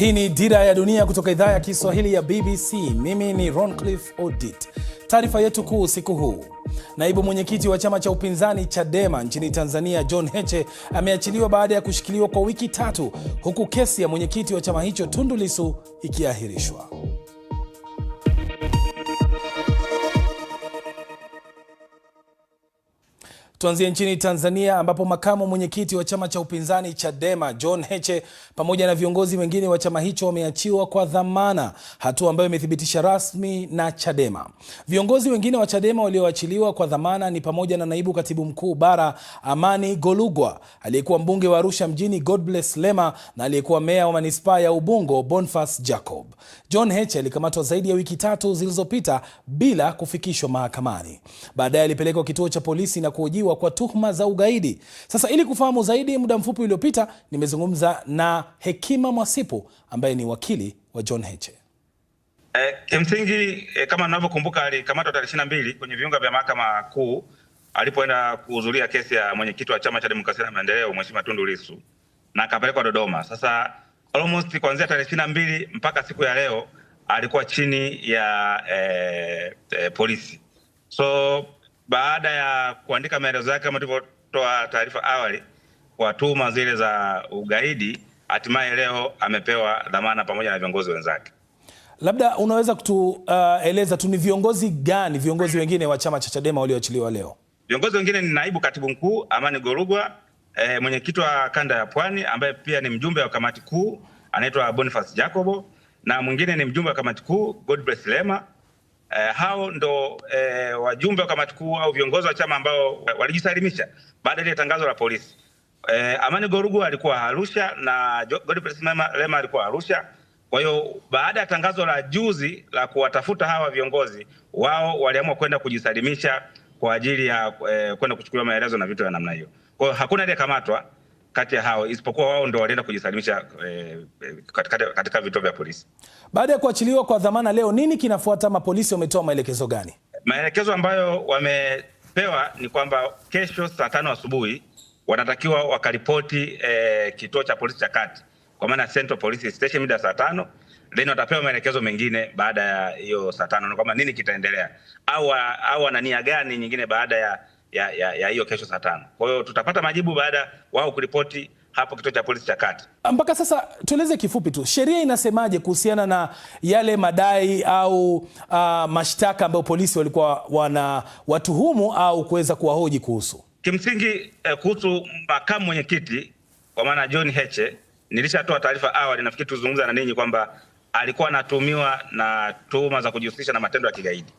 Hii ni Dira ya Dunia kutoka idhaa ya Kiswahili ya BBC. Mimi ni roncliff Odit. Taarifa yetu kuu usiku huu Naibu mwenyekiti wa chama cha upinzani Chadema nchini Tanzania John Heche ameachiliwa baada ya kushikiliwa kwa wiki tatu, huku kesi ya mwenyekiti wa chama hicho Tundu Lissu ikiahirishwa. Tuanzie nchini Tanzania ambapo makamu mwenyekiti wa chama cha upinzani Chadema John Heche pamoja na viongozi wengine wa chama hicho wameachiwa kwa dhamana, hatua ambayo imethibitisha rasmi na Chadema. Viongozi wengine wa Chadema walioachiliwa kwa dhamana ni pamoja na naibu katibu mkuu bara Amani Golugwa, aliyekuwa mbunge wa Arusha mjini Godbless Lema na aliyekuwa meya wa manispaa ya Ubungo bonfas Jacob. John Heche alikamatwa zaidi ya wiki tatu zilizopita bila kufikishwa mahakamani. Baadaye alipelekwa kituo cha polisi na kuhojiwa kushtakiwa kwa tuhuma za ugaidi. Sasa ili kufahamu zaidi, muda mfupi uliopita nimezungumza na Hekima Mwasipu ambaye ni wakili wa John Heche. Eh, kimsingi eh, kama ninavyokumbuka alikamatwa tarehe ishirini na mbili kwenye viunga vya mahakama kuu alipoenda kuhudhuria kesi ya mwenyekiti wa chama cha demokrasia na maendeleo Mheshimiwa Tundu Lissu na akapelekwa Dodoma. Sasa almost kuanzia tarehe ishirini na mbili mpaka siku ya leo alikuwa chini ya eh, eh, polisi so baada ya kuandika maelezo yake kama tulivyotoa taarifa awali kwa tuhuma zile za ugaidi, hatimaye leo amepewa dhamana pamoja na viongozi wenzake. Labda unaweza kutueleza uh, tu ni viongozi gani, viongozi wengine wa chama cha Chadema walioachiliwa leo? Viongozi wengine ni naibu katibu mkuu Amani Gorugwa, e, mwenyekiti wa kanda ya Pwani ambaye pia ni mjumbe wa kamati kuu anaitwa Boniface Jacobo, na mwingine ni mjumbe wa kamati kuu Godbless Lema eh, hao ndo eh, wajumbe wa kamati kuu au viongozi wa chama ambao walijisalimisha baada ya tangazo la polisi. Eh, Amani Gorugu alikuwa Arusha na Godbless Lema alikuwa Arusha. Kwa hiyo baada ya tangazo la juzi la kuwatafuta hawa viongozi, wao waliamua kwenda kujisalimisha kwa ajili ya eh, kwenda kuchukuliwa maelezo na vitu vya namna hiyo. Kwa hiyo hakuna aliyekamatwa kati ya hao isipokuwa wao ndo walienda kujisalimisha eh, eh, katika, katika vituo vya polisi. Baada ya kuachiliwa kwa dhamana leo, nini kinafuata? Mapolisi wametoa maelekezo gani? Maelekezo ambayo wamepewa ni kwamba kesho saa tano asubuhi wanatakiwa wakaripoti eh, kituo cha polisi cha kati kwa maana Central Police Station mida saa tano then watapewa maelekezo mengine baada ya hiyo saa tano na kwamba nini kitaendelea au au wana nia gani nyingine baada ya ya, ya, ya hiyo kesho saa tano. Kwa hiyo tutapata majibu baada wao kuripoti hapo kituo cha polisi cha kati. Mpaka sasa tueleze kifupi tu, sheria inasemaje kuhusiana na yale madai au uh, mashtaka ambayo polisi walikuwa wana watuhumu au kuweza kuwahoji kuhusu? Kimsingi eh, kuhusu makamu mwenyekiti kwa maana John Heche, nilishatoa taarifa awali, nafikiri tuzungumza na ninyi kwamba alikuwa anatuhumiwa na tuhuma za kujihusisha na matendo ya kigaidi.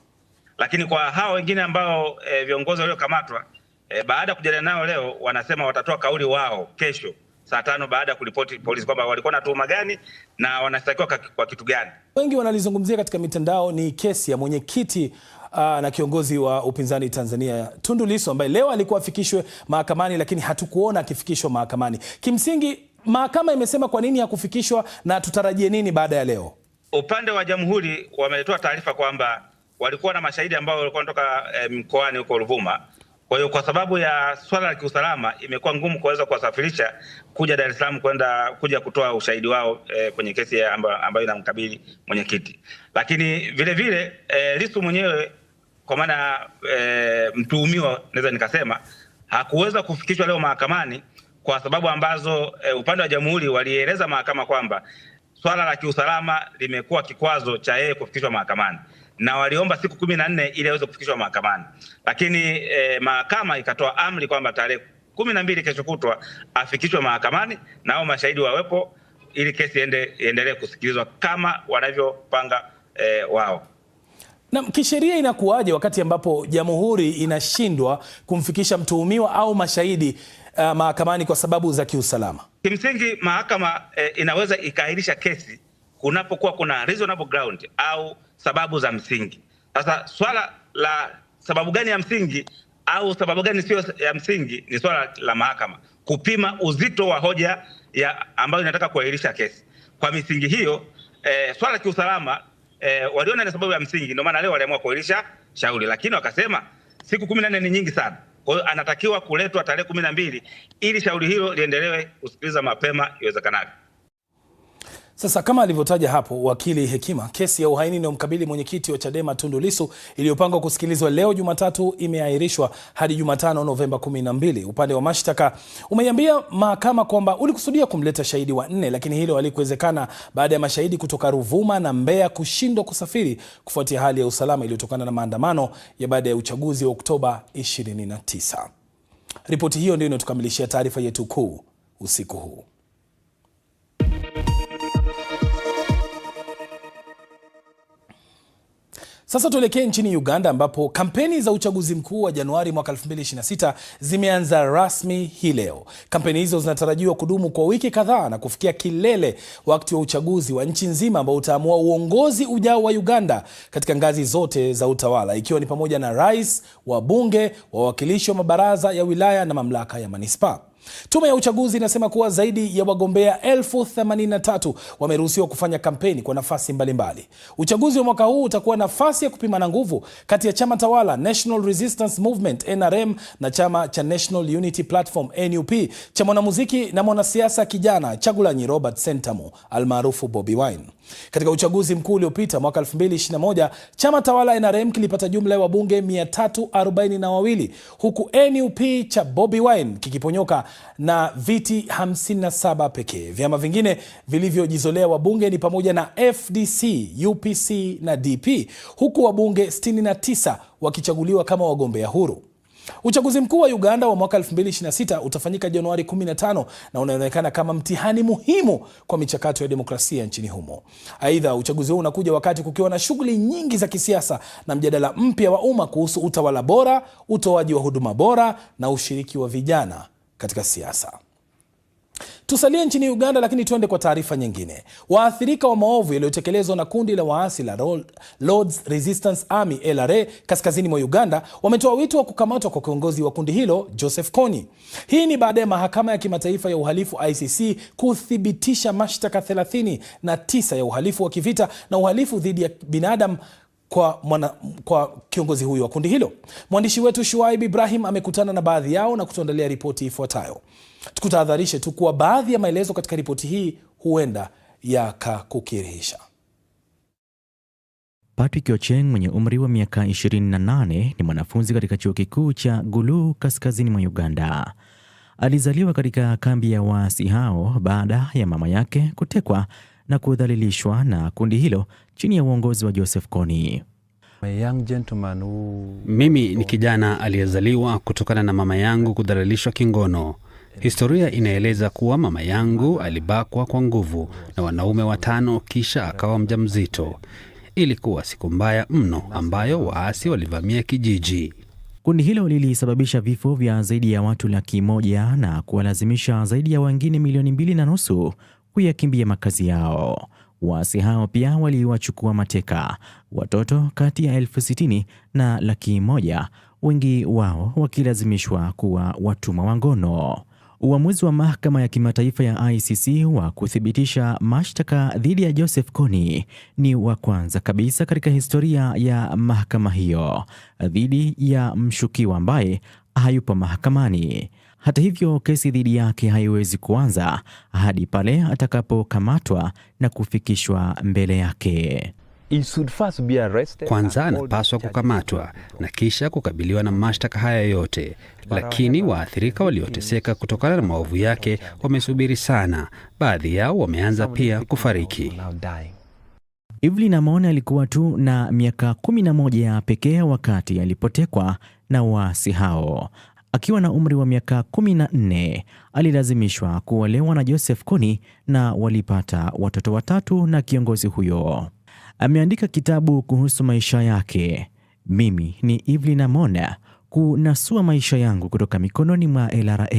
Lakini kwa hao wengine ambao e, viongozi waliokamatwa e, baada ya kujadiliana nao leo wanasema watatoa kauli wao kesho saa tano baada ya kuripoti polisi kwamba walikuwa na tuhuma gani na wanashtakiwa kwa kitu gani. Wengi wanalizungumzia katika mitandao ni kesi ya mwenyekiti ah, na kiongozi wa upinzani Tanzania Tundu Lissu ambaye leo alikuwa afikishwe mahakamani, lakini hatukuona akifikishwa mahakamani. Kimsingi, mahakama imesema kwa nini hakufikishwa na tutarajie nini baada ya leo? Upande wa jamhuri wametoa taarifa kwamba walikuwa na mashahidi ambao walikuwa wanatoka e, mkoani huko Ruvuma. Kwa hiyo kwa sababu ya swala la kiusalama imekuwa ngumu kuweza kuwasafirisha kuja Dar es Salaam kwenda kuja kutoa ushahidi wao e, kwenye kesi amba, ambayo inamkabili mwenyekiti. Lakini vile vile e, Lissu mwenyewe kwa maana e, mtuhumiwa naweza nikasema hakuweza kufikishwa leo mahakamani kwa sababu ambazo e, upande wa jamhuri walieleza mahakama kwamba swala la kiusalama limekuwa kikwazo cha yeye kufikishwa mahakamani na waliomba siku kumi na nne ili aweze kufikishwa mahakamani, lakini eh, mahakama ikatoa amri kwamba tarehe kumi na mbili kesho kutwa afikishwe mahakamani na hao mashahidi wawepo ili kesi iendelee kusikilizwa kama wanavyopanga eh, wao. Na kisheria inakuwaje wakati ambapo jamhuri inashindwa kumfikisha mtuhumiwa au mashahidi uh, mahakamani kwa sababu za kiusalama? Kimsingi mahakama eh, inaweza ikaahirisha kesi kunapokuwa kuna reasonable ground au sababu za msingi. Sasa swala la sababu gani ya msingi au sababu gani sio ya msingi ni swala la mahakama kupima uzito wa hoja ya ambayo inataka kuahirisha kesi. Kwa misingi hiyo e, swala la kiusalama e, waliona ni sababu ya msingi, ndio maana leo waliamua kuahirisha shauri, lakini wakasema siku kumi na nne ni nyingi sana. Kwa hiyo anatakiwa kuletwa tarehe kumi na mbili ili shauri hilo liendelewe kusikiliza mapema iwezekanavyo. Sasa kama alivyotaja hapo wakili Hekima, kesi ya uhaini inayomkabili mwenyekiti wa Chadema Tundu Lissu iliyopangwa kusikilizwa leo Jumatatu imeahirishwa hadi Jumatano Novemba 12. Upande wa mashtaka umeiambia mahakama kwamba ulikusudia kumleta shahidi wa nne, lakini hilo halikuwezekana baada ya mashahidi kutoka Ruvuma na Mbeya kushindwa kusafiri kufuatia hali ya usalama iliyotokana na maandamano ya baada ya uchaguzi wa Oktoba 29. Ripoti hiyo ndio inatukamilishia taarifa yetu kuu usiku huu. Sasa tuelekee nchini Uganda ambapo kampeni za uchaguzi mkuu wa Januari mwaka 2026 zimeanza rasmi hii leo. Kampeni hizo zinatarajiwa kudumu kwa wiki kadhaa na kufikia kilele wakati wa uchaguzi wa nchi nzima ambao utaamua uongozi ujao wa Uganda katika ngazi zote za utawala ikiwa ni pamoja na rais, wabunge, wawakilishi wa mabaraza ya wilaya na mamlaka ya manispaa. Tume ya uchaguzi inasema kuwa zaidi ya wagombea elfu themanini na tatu wameruhusiwa kufanya kampeni kwa nafasi mbalimbali. Uchaguzi wa mwaka huu utakuwa nafasi ya kupimana nguvu kati ya chama tawala National Resistance Movement NRM na chama cha National Unity Platform NUP cha mwanamuziki na mwanasiasa kijana Chagulanyi Robert Sentamu almaarufu Bobi Wine. Katika uchaguzi mkuu uliopita mwaka 2021 chama tawala NRM kilipata jumla ya wabunge 342 huku NUP cha Bobi Wine kikiponyoka na viti 57 pekee. Vyama vingine vilivyojizolea wabunge ni pamoja na FDC, UPC na DP, huku wabunge 69 wakichaguliwa kama wagombea huru. Uchaguzi mkuu wa Uganda wa mwaka 2026 utafanyika Januari 15 na unaonekana kama mtihani muhimu kwa michakato ya demokrasia nchini humo. Aidha, uchaguzi huu unakuja wakati kukiwa na shughuli nyingi za kisiasa na mjadala mpya wa umma kuhusu utawala bora, utoaji wa huduma bora na ushiriki wa vijana katika siasa. Tusalie nchini Uganda, lakini tuende kwa taarifa nyingine. Waathirika wa maovu yaliyotekelezwa na kundi la waasi la Lords Resistance Army LRA kaskazini mwa Uganda wametoa wito wa kukamatwa kwa kiongozi wa kundi hilo Joseph Kony. Hii ni baada ya mahakama ya kimataifa ya uhalifu ICC kuthibitisha mashtaka 39 ya uhalifu wa kivita na uhalifu dhidi ya binadamu kwa, mwana, kwa kiongozi huyo wa kundi hilo. Mwandishi wetu Shuaib Ibrahim amekutana na baadhi yao na kutuandalia ripoti ifuatayo. Tukutahadharishe tu kuwa baadhi ya maelezo katika ripoti hii huenda yakakukirihisha. Patrick Ocheng mwenye umri wa miaka 28 ni mwanafunzi katika chuo kikuu cha Gulu kaskazini mwa Uganda. Alizaliwa katika kambi ya waasi hao baada ya mama yake kutekwa na kudhalilishwa na kundi hilo chini ya uongozi wa Joseph Kony. Mimi ni kijana aliyezaliwa kutokana na mama yangu kudhalilishwa kingono. Historia inaeleza kuwa mama yangu alibakwa kwa nguvu na wanaume watano, kisha akawa mjamzito. Ilikuwa siku mbaya mno ambayo waasi walivamia kijiji. Kundi hilo lilisababisha vifo vya zaidi ya watu laki moja na kuwalazimisha zaidi ya wengine milioni mbili na nusu kuyakimbia makazi yao. Waasi hao pia waliwachukua mateka watoto kati ya elfu sitini na laki moja, wengi wao wakilazimishwa kuwa watumwa wa ngono. Uamuzi wa mahakama ya kimataifa ya ICC wa kuthibitisha mashtaka dhidi ya Joseph Kony ni wa kwanza kabisa katika historia ya mahakama hiyo dhidi ya mshukiwa ambaye hayupo mahakamani. Hata hivyo, kesi dhidi yake haiwezi kuanza hadi pale atakapokamatwa na kufikishwa mbele yake. Kwanza anapaswa kukamatwa na kisha kukabiliwa na mashtaka haya yote, lakini waathirika walioteseka kutokana na maovu yake wamesubiri sana. Baadhi yao wameanza pia kufariki. Evelyn Amon alikuwa tu na miaka 11 pekee wakati alipotekwa na waasi hao. Akiwa na umri wa miaka 14 alilazimishwa kuolewa na Joseph Kony na walipata watoto watatu na kiongozi huyo. Ameandika kitabu kuhusu maisha yake. Mimi ni Evelyn amon kunasua maisha yangu kutoka mikononi mwa LRA.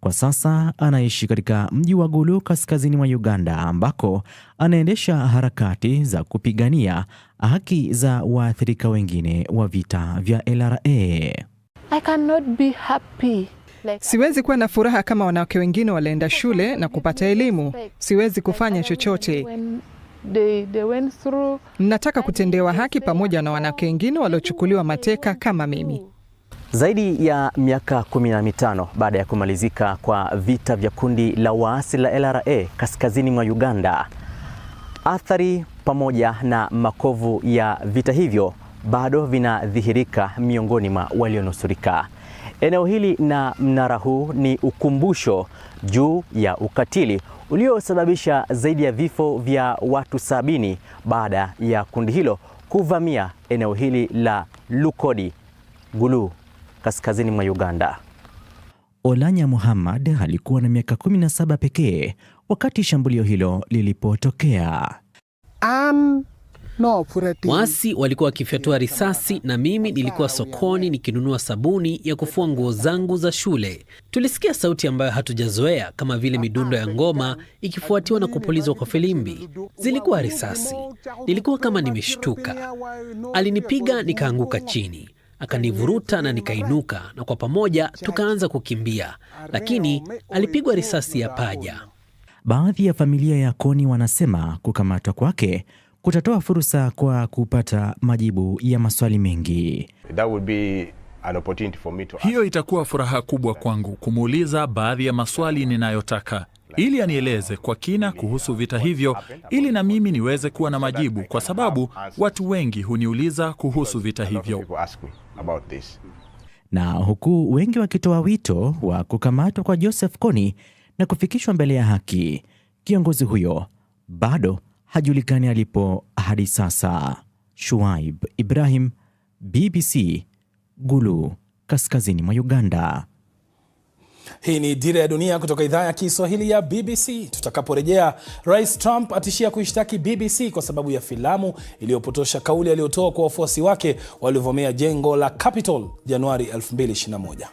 Kwa sasa anaishi katika mji wa Gulu kaskazini mwa Uganda ambako anaendesha harakati za kupigania haki za waathirika wengine wa vita vya LRA. I cannot be happy. Siwezi kuwa na furaha kama wanawake wengine walienda shule na kupata elimu. Siwezi kufanya chochote. Nataka kutendewa haki pamoja na wanawake wengine waliochukuliwa mateka kama mimi. Zaidi ya miaka kumi na mitano baada ya kumalizika kwa vita vya kundi la waasi la LRA kaskazini mwa Uganda, athari pamoja na makovu ya vita hivyo bado vinadhihirika miongoni mwa walionusurika. Eneo hili na mnara huu ni ukumbusho juu ya ukatili uliosababisha zaidi ya vifo vya watu sabini baada ya kundi hilo kuvamia eneo hili la Lukodi Gulu kaskazini mwa Uganda. Olanya Muhammad alikuwa na miaka 17 pekee wakati shambulio hilo lilipotokea. Um waasi walikuwa wakifyatua risasi na mimi nilikuwa sokoni nikinunua sabuni ya kufua nguo zangu za shule. Tulisikia sauti ambayo hatujazoea kama vile midundo ya ngoma ikifuatiwa na kupulizwa kwa filimbi. Zilikuwa risasi. Nilikuwa kama nimeshtuka. Alinipiga nikaanguka chini. Akanivuruta na nikainuka na kwa pamoja tukaanza kukimbia. Lakini alipigwa risasi ya paja. Baadhi ya familia ya Koni wanasema kukamatwa kwake kutatoa fursa kwa kupata majibu ya maswali mengi. That would be an opportunity for me to... hiyo itakuwa furaha kubwa kwangu kumuuliza baadhi ya maswali ninayotaka ili anieleze kwa kina kuhusu vita hivyo, ili na mimi niweze kuwa na majibu, kwa sababu watu wengi huniuliza kuhusu vita hivyo. Na huku wengi wakitoa wito wa kukamatwa kwa Joseph Kony na kufikishwa mbele ya haki, kiongozi huyo bado hajulikani alipo hadi sasa. Shuaib Ibrahim, BBC, Gulu, kaskazini mwa Uganda. Hii ni Dira ya Dunia kutoka idhaa ya Kiswahili ya BBC. Tutakaporejea, Rais Trump atishia kuishtaki BBC kwa sababu ya filamu iliyopotosha kauli aliyotoa kwa wafuasi wake walivomea jengo la Capitol Januari 2021.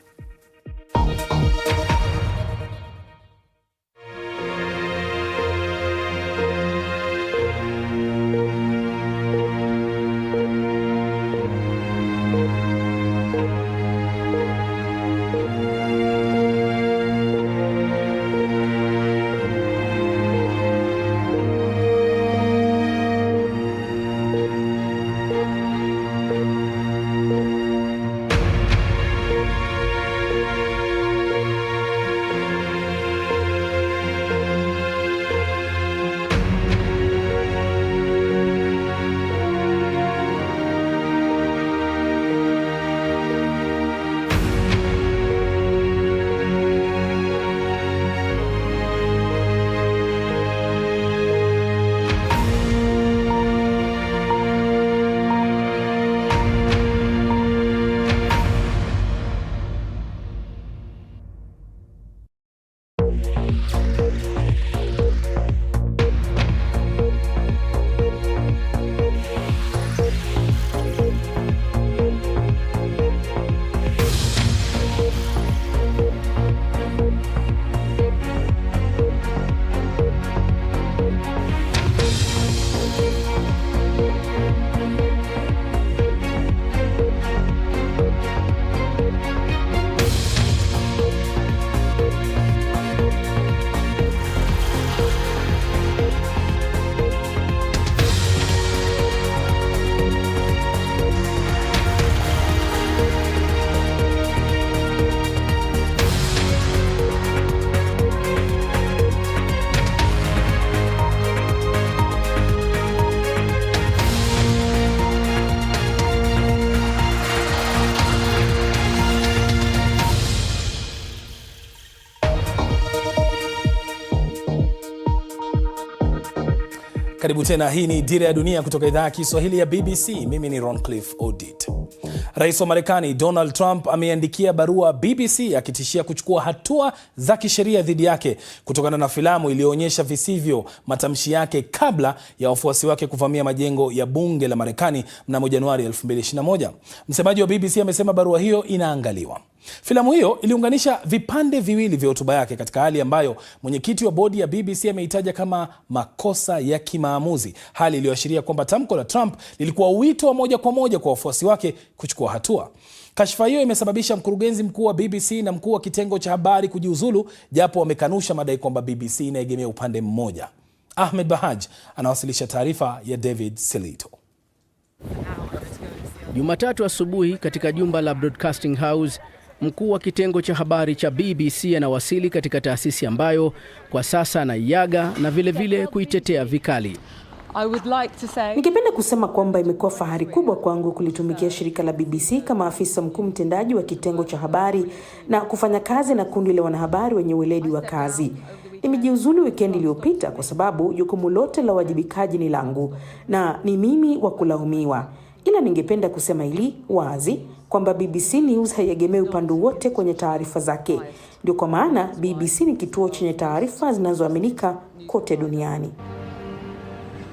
Karibu tena, hii ni Dira ya Dunia kutoka idhaa ya Kiswahili ya BBC. Mimi ni roncliff Odit. Rais wa Marekani Donald Trump ameiandikia barua BBC akitishia kuchukua hatua za kisheria dhidi yake kutokana na filamu iliyoonyesha visivyo matamshi yake kabla ya wafuasi wake kuvamia majengo ya bunge la Marekani mnamo Januari 2021. Msemaji wa BBC amesema barua hiyo inaangaliwa. Filamu hiyo iliunganisha vipande viwili vya hotuba yake katika hali ambayo mwenyekiti wa bodi ya BBC ameitaja kama makosa ya kimaamuzi, hali iliyoashiria kwamba tamko la Trump lilikuwa wito wa moja kwa moja kwa wafuasi wake kuchukua hatua. Kashfa hiyo imesababisha mkurugenzi mkuu wa BBC na mkuu wa kitengo cha habari kujiuzulu, japo wamekanusha madai kwamba BBC inaegemea upande mmoja. Ahmed Bahaj anawasilisha taarifa ya David Silito. Jumatatu asubuhi katika jumba la Broadcasting House Mkuu wa kitengo cha habari cha BBC anawasili katika taasisi ambayo kwa sasa anaiaga na vilevile vile kuitetea vikali. Like say... ningependa kusema kwamba imekuwa fahari kubwa kwangu kulitumikia shirika la BBC kama afisa mkuu mtendaji wa kitengo cha habari na kufanya kazi na kundi la wanahabari wenye weledi wa kazi. Nimejiuzulu wikendi iliyopita kwa sababu jukumu lote la uwajibikaji ni langu na ni mimi wa kulaumiwa, ila ningependa kusema ili wazi kwamba BBC News haiegemei upande wote kwenye taarifa zake. Ndio kwa maana BBC ni kituo chenye taarifa zinazoaminika kote duniani.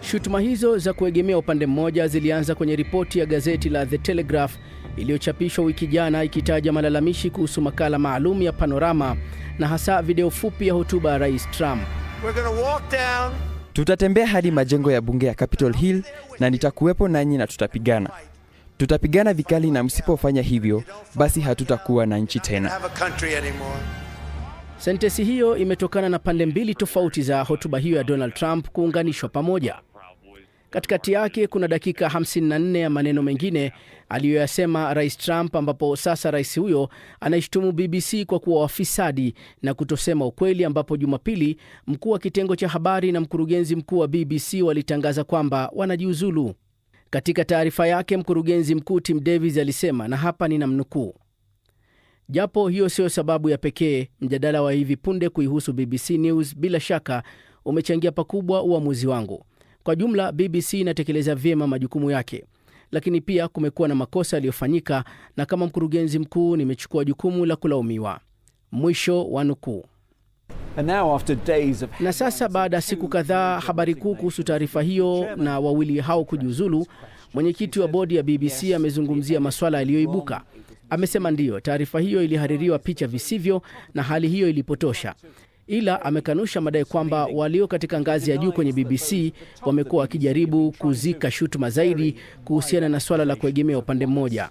Shutuma hizo za kuegemea upande mmoja zilianza kwenye ripoti ya gazeti la The Telegraph iliyochapishwa wiki jana ikitaja malalamishi kuhusu makala maalum ya Panorama na hasa video fupi ya hotuba ya Rais Trump. Tutatembea hadi majengo ya bunge ya Capitol Hill na nitakuwepo nanyi na tutapigana. Tutapigana vikali na msipofanya hivyo, basi hatutakuwa na nchi tena. Sentensi hiyo imetokana na pande mbili tofauti za hotuba hiyo ya Donald Trump kuunganishwa pamoja. Katikati yake kuna dakika 54 ya maneno mengine aliyoyasema Rais Trump, ambapo sasa rais huyo anaishutumu BBC kwa kuwa wafisadi na kutosema ukweli, ambapo Jumapili mkuu wa kitengo cha habari na mkurugenzi mkuu wa BBC walitangaza kwamba wanajiuzulu. Katika taarifa yake, mkurugenzi mkuu Tim Davis alisema, na hapa ninamnukuu: japo hiyo siyo sababu ya pekee, mjadala wa hivi punde kuihusu BBC News bila shaka umechangia pakubwa uamuzi wangu. Kwa jumla, BBC inatekeleza vyema majukumu yake, lakini pia kumekuwa na makosa yaliyofanyika, na kama mkurugenzi mkuu nimechukua jukumu la kulaumiwa. Mwisho wa nukuu. Na sasa baada ya siku kadhaa, habari kuu kuhusu taarifa hiyo na wawili hao kujiuzulu, mwenyekiti wa bodi ya BBC amezungumzia masuala yaliyoibuka. Amesema ndiyo, taarifa hiyo ilihaririwa picha visivyo na hali hiyo ilipotosha, ila amekanusha madai kwamba walio katika ngazi ya juu kwenye BBC wamekuwa wakijaribu kuzika shutuma zaidi kuhusiana na swala la kuegemea upande mmoja.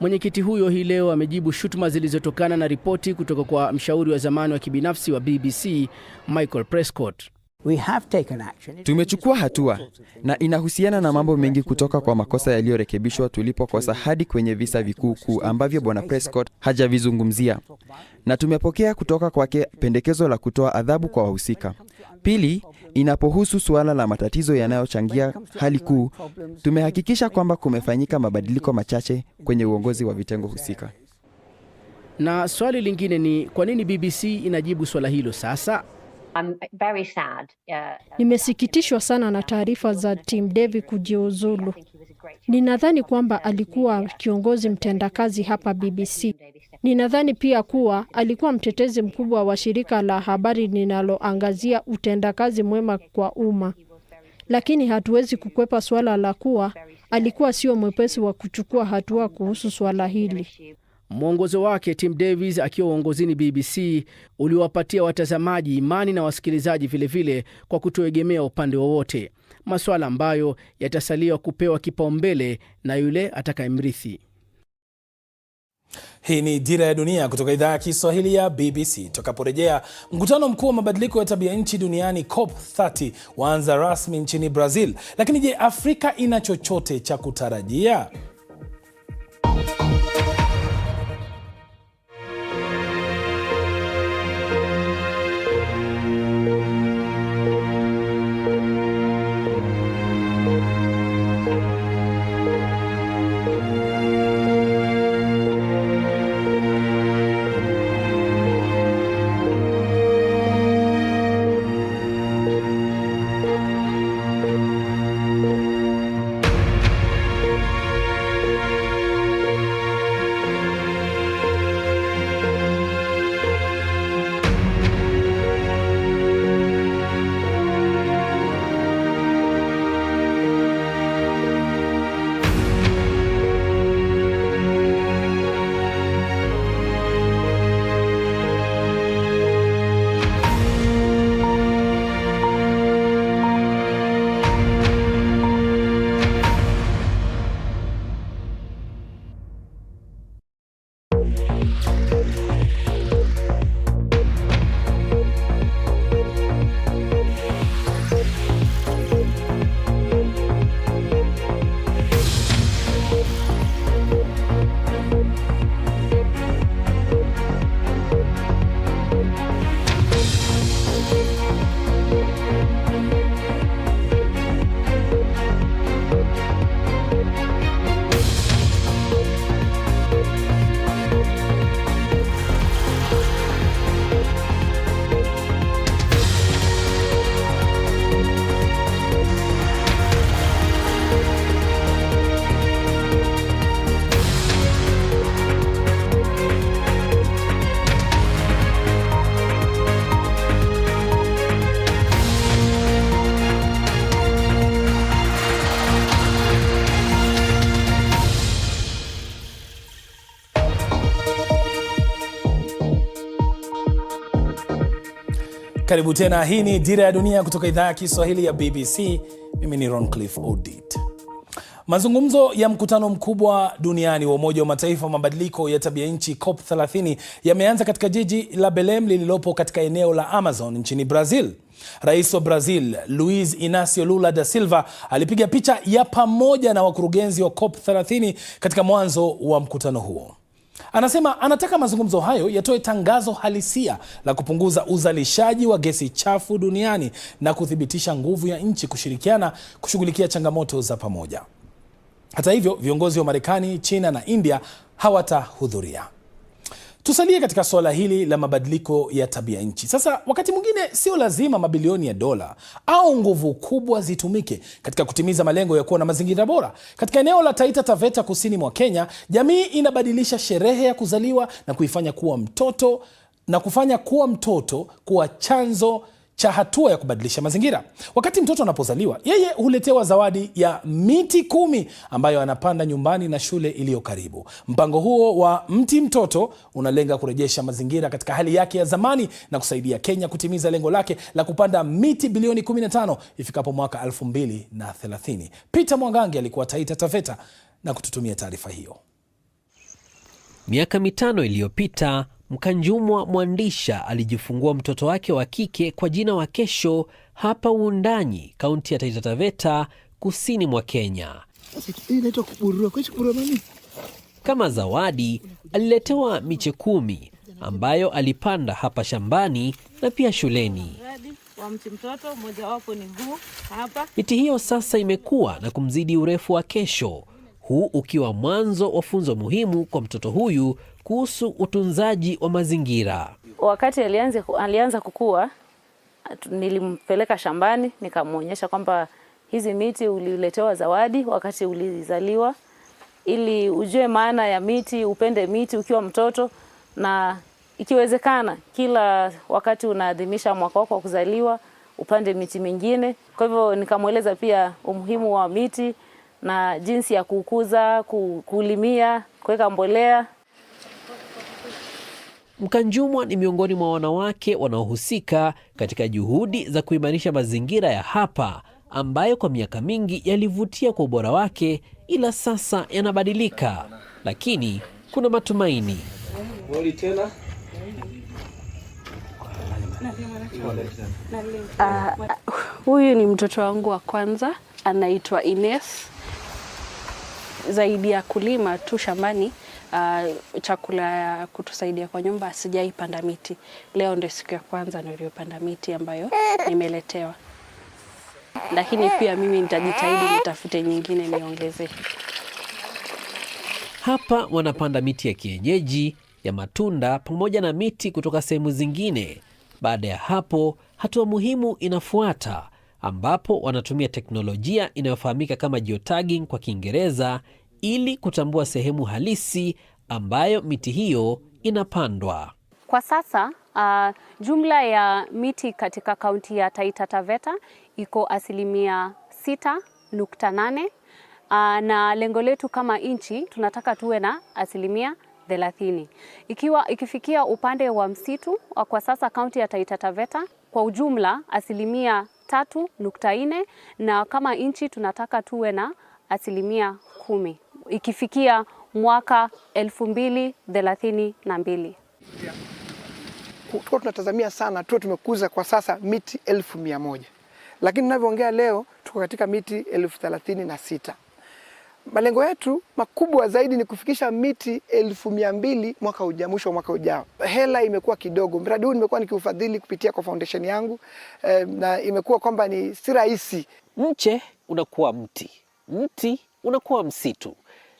Mwenyekiti huyo hii leo amejibu shutuma zilizotokana na ripoti kutoka kwa mshauri wa zamani wa kibinafsi wa BBC Michael Prescott. We have taken action. Tumechukua hatua na inahusiana na mambo mengi kutoka kwa makosa yaliyorekebishwa tulipokosa hadi kwenye visa vikuu kuu ambavyo bwana Prescott hajavizungumzia, na tumepokea kutoka kwake pendekezo la kutoa adhabu kwa wahusika. Pili, inapohusu suala la matatizo yanayochangia hali kuu, tumehakikisha kwamba kumefanyika mabadiliko machache kwenye uongozi wa vitengo husika. Na swali lingine ni kwa nini BBC inajibu swala hilo sasa? Uh, Nimesikitishwa sana na taarifa za Tim Davi kujiuzulu. Ninadhani kwamba alikuwa kiongozi mtendakazi hapa BBC. Ninadhani pia kuwa alikuwa mtetezi mkubwa wa shirika la habari linaloangazia utendakazi mwema kwa umma. Lakini hatuwezi kukwepa suala la kuwa alikuwa sio mwepesi wa kuchukua hatua kuhusu suala hili. Mwongozo wake Tim davis akiwa uongozini BBC uliwapatia watazamaji imani na wasikilizaji vilevile, kwa kutoegemea upande wowote masuala ambayo yatasaliwa kupewa kipaumbele na yule atakayemrithi. Hii ni Dira ya Dunia kutoka idhaa ya Kiswahili ya BBC. tukaporejea mkutano mkuu wa mabadiliko ya tabia nchi duniani COP 30 waanza rasmi nchini Brazil. Lakini je, Afrika ina chochote cha kutarajia? Karibu tena, hii ni Dira ya Dunia kutoka idhaa ya Kiswahili ya BBC. Mimi ni Roncliff Odit. Mazungumzo ya mkutano mkubwa duniani wa Umoja wa Mataifa mabadiliko ya tabia nchi COP 30 yameanza katika jiji la Belem lililopo katika eneo la Amazon nchini Brazil. Rais wa Brazil Luiz Inacio Lula da Silva alipiga picha ya pamoja na wakurugenzi wa COP 30 katika mwanzo wa mkutano huo. Anasema anataka mazungumzo hayo yatoe tangazo halisia la kupunguza uzalishaji wa gesi chafu duniani na kuthibitisha nguvu ya nchi kushirikiana kushughulikia changamoto za pamoja. Hata hivyo, viongozi wa Marekani, China na India hawatahudhuria. Tusalie katika suala hili la mabadiliko ya tabia nchi. Sasa wakati mwingine sio lazima mabilioni ya dola au nguvu kubwa zitumike katika kutimiza malengo ya kuwa na mazingira bora. Katika eneo la Taita Taveta kusini mwa Kenya, jamii inabadilisha sherehe ya kuzaliwa na kuifanya kuwa mtoto na kufanya kuwa mtoto kuwa chanzo cha hatua ya kubadilisha mazingira. Wakati mtoto anapozaliwa, yeye huletewa zawadi ya miti kumi ambayo anapanda nyumbani na shule iliyo karibu. Mpango huo wa Mti Mtoto unalenga kurejesha mazingira katika hali yake ya zamani na kusaidia Kenya kutimiza lengo lake la kupanda miti bilioni 15 ifikapo mwaka 2030. Peter Mwangangi alikuwa Taita Taveta na kututumia taarifa hiyo. Miaka mitano iliyopita Mkanjumwa Mwandisha alijifungua mtoto wake wa kike kwa jina wa kesho hapa Uundanyi, kaunti ya Taita Taveta, kusini mwa Kenya. Kama zawadi aliletewa miche kumi ambayo alipanda hapa shambani na pia shuleni. Miti hiyo sasa imekuwa na kumzidi urefu wa Kesho, huu ukiwa mwanzo wa funzo muhimu kwa mtoto huyu kuhusu utunzaji wa mazingira. Wakati alianza, alianza kukua, nilimpeleka shambani nikamwonyesha kwamba hizi miti uliletewa zawadi wakati ulizaliwa, ili ujue maana ya miti, upende miti ukiwa mtoto, na ikiwezekana kila wakati unaadhimisha mwaka wako wa kuzaliwa upande miti mingine. Kwa hivyo nikamweleza pia umuhimu wa miti na jinsi ya kukuza, kulimia, kuweka mbolea. Mkanjumwa ni miongoni mwa wanawake wanaohusika katika juhudi za kuimarisha mazingira ya hapa ambayo kwa miaka mingi yalivutia kwa ubora wake, ila sasa yanabadilika, lakini kuna matumaini. Uh, huyu ni mtoto wangu wa kwanza, anaitwa Ines zaidi ya kulima tu shambani uh, chakula ya kutusaidia kwa nyumba, sijaipanda miti. Leo ndio siku ya kwanza niliyopanda miti ambayo nimeletewa, lakini pia mimi nitajitahidi nitafute nyingine niongeze Hapa wanapanda miti ya kienyeji ya matunda pamoja na miti kutoka sehemu zingine. Baada ya hapo, hatua muhimu inafuata ambapo wanatumia teknolojia inayofahamika kama geotagging kwa Kiingereza ili kutambua sehemu halisi ambayo miti hiyo inapandwa. Kwa sasa uh, jumla ya miti katika kaunti ya Taita Taveta iko asilimia 6.8, uh, na lengo letu kama nchi tunataka tuwe na asilimia 30. Ikiwa ikifikia upande wa msitu uh, kwa sasa kaunti ya Taita Taveta kwa ujumla asilimia 3.4, na kama nchi tunataka tuwe na asilimia kumi ikifikia mwaka elfu mbili thelathini na mbili tuko tunatazamia sana tuwe tumekuza kwa sasa miti elfu mia moja lakini tunavyoongea leo tuko katika miti elfu thelathini na sita. Malengo yetu makubwa zaidi ni kufikisha miti elfu mia mbili mwaka ujao, mwisho wa mwaka ujao. Hela imekuwa kidogo, mradi huu nimekuwa nikiufadhili kupitia kwa foundation yangu eh, na imekuwa kwamba ni si rahisi. Mche unakuwa mti, mti unakuwa msitu.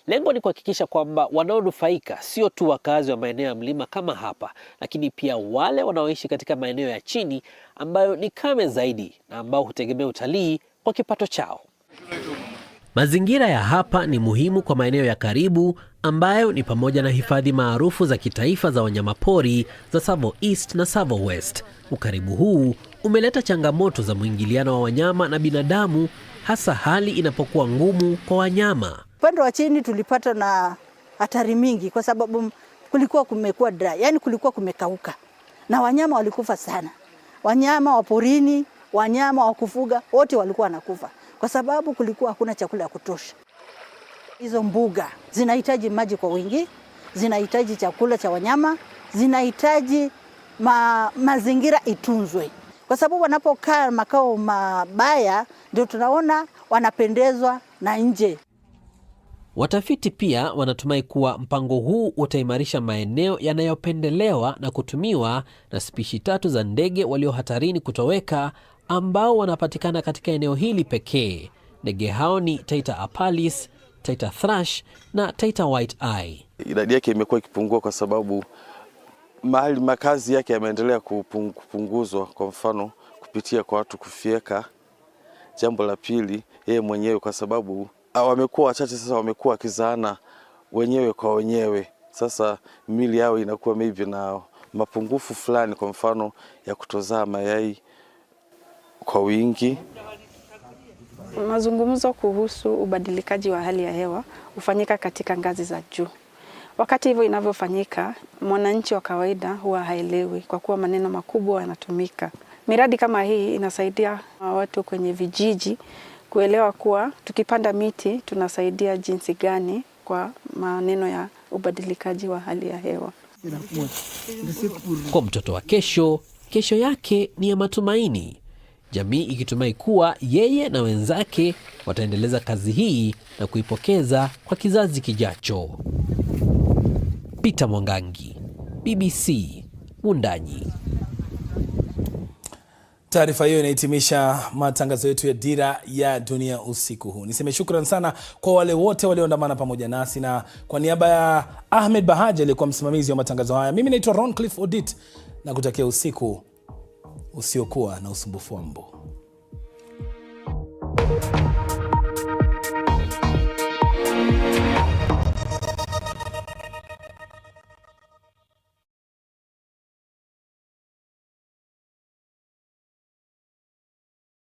Lengo ni kuhakikisha kwamba wanaonufaika sio tu wakazi wa maeneo ya mlima kama hapa, lakini pia wale wanaoishi katika maeneo ya chini ambayo ni kame zaidi na ambao hutegemea utalii kwa kipato chao. Mazingira ya hapa ni muhimu kwa maeneo ya karibu ambayo ni pamoja na hifadhi maarufu za kitaifa za wanyamapori za Tsavo East na Tsavo West. Ukaribu huu umeleta changamoto za mwingiliano wa wanyama na binadamu, hasa hali inapokuwa ngumu kwa wanyama. Upande wa chini tulipata na hatari mingi, kwa sababu kulikuwa kumekuwa dry, yani kulikuwa kumekauka na wanyama walikufa sana, wanyama wa porini, wanyama wa kufuga wote walikuwa wanakufa kwa sababu kulikuwa hakuna chakula ya kutosha. Hizo mbuga zinahitaji maji kwa wingi, zinahitaji chakula cha wanyama, zinahitaji ma, mazingira itunzwe, kwa sababu wanapokaa makao mabaya ndio tunaona wanapendezwa na nje. Watafiti pia wanatumai kuwa mpango huu utaimarisha maeneo yanayopendelewa na kutumiwa na spishi tatu za ndege walio hatarini kutoweka ambao wanapatikana katika eneo hili pekee. Ndege hao ni Taita apalis Taita Thrush na Taita White Eye. Idadi yake imekuwa ikipungua kwa sababu mahali makazi yake yameendelea kupunguzwa, kwa mfano kupitia kwa watu kufyeka. Jambo la pili, yeye mwenyewe kwa sababu Ah, wamekuwa wachache sasa, wamekuwa wakizaana wenyewe kwa wenyewe. Sasa mili yao inakuwa maybe na mapungufu fulani, kwa mfano ya kutozaa mayai kwa wingi. Mazungumzo kuhusu ubadilikaji wa hali ya hewa hufanyika katika ngazi za juu. Wakati hivyo inavyofanyika, mwananchi wa kawaida huwa haelewi kwa kuwa maneno makubwa yanatumika. Miradi kama hii inasaidia ah, watu kwenye vijiji kuelewa kuwa tukipanda miti tunasaidia jinsi gani kwa maneno ya ubadilikaji wa hali ya hewa. Kwa mtoto wa kesho, kesho yake ni ya matumaini, jamii ikitumai kuwa yeye na wenzake wataendeleza kazi hii na kuipokeza kwa kizazi kijacho. Peter Mwangangi, BBC, mundanyi Taarifa hiyo inahitimisha matangazo yetu ya Dira ya Dunia usiku huu. Niseme shukran sana kwa wale wote walioandamana pamoja nasi, na kwa niaba ya Ahmed Bahaji aliyekuwa msimamizi wa matangazo haya, mimi naitwa Ron Cliff Odit na kutakia usiku usiokuwa na usumbufu wa mbo